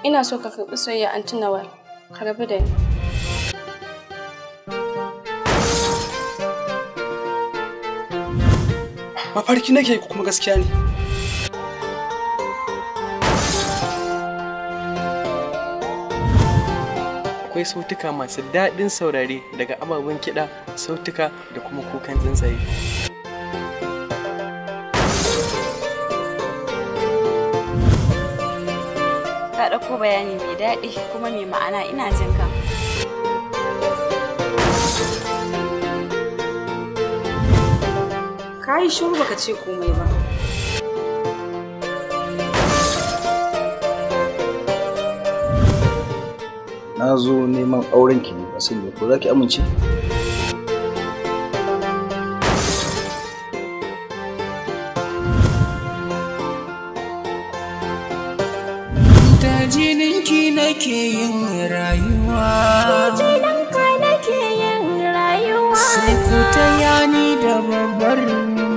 Ina so ka karɓi soyayya tuna Nawal. Ka rabu da ni. Mafarki nake ko kuma gaskiya ne? Akwai sautuka masu daɗin saurare daga ababen kiɗa, sautuka da kuma kukan tsuntsaye. ko bayani mai daɗi kuma mai ma'ana ina jin ka. Ka yi shiru baka ce komai ba. Na zo neman aurenki ne, ba sai ko za ki amince? da jininki nake yin rayuwa jininka nake yin rayuwa sai ku ta yani da babbar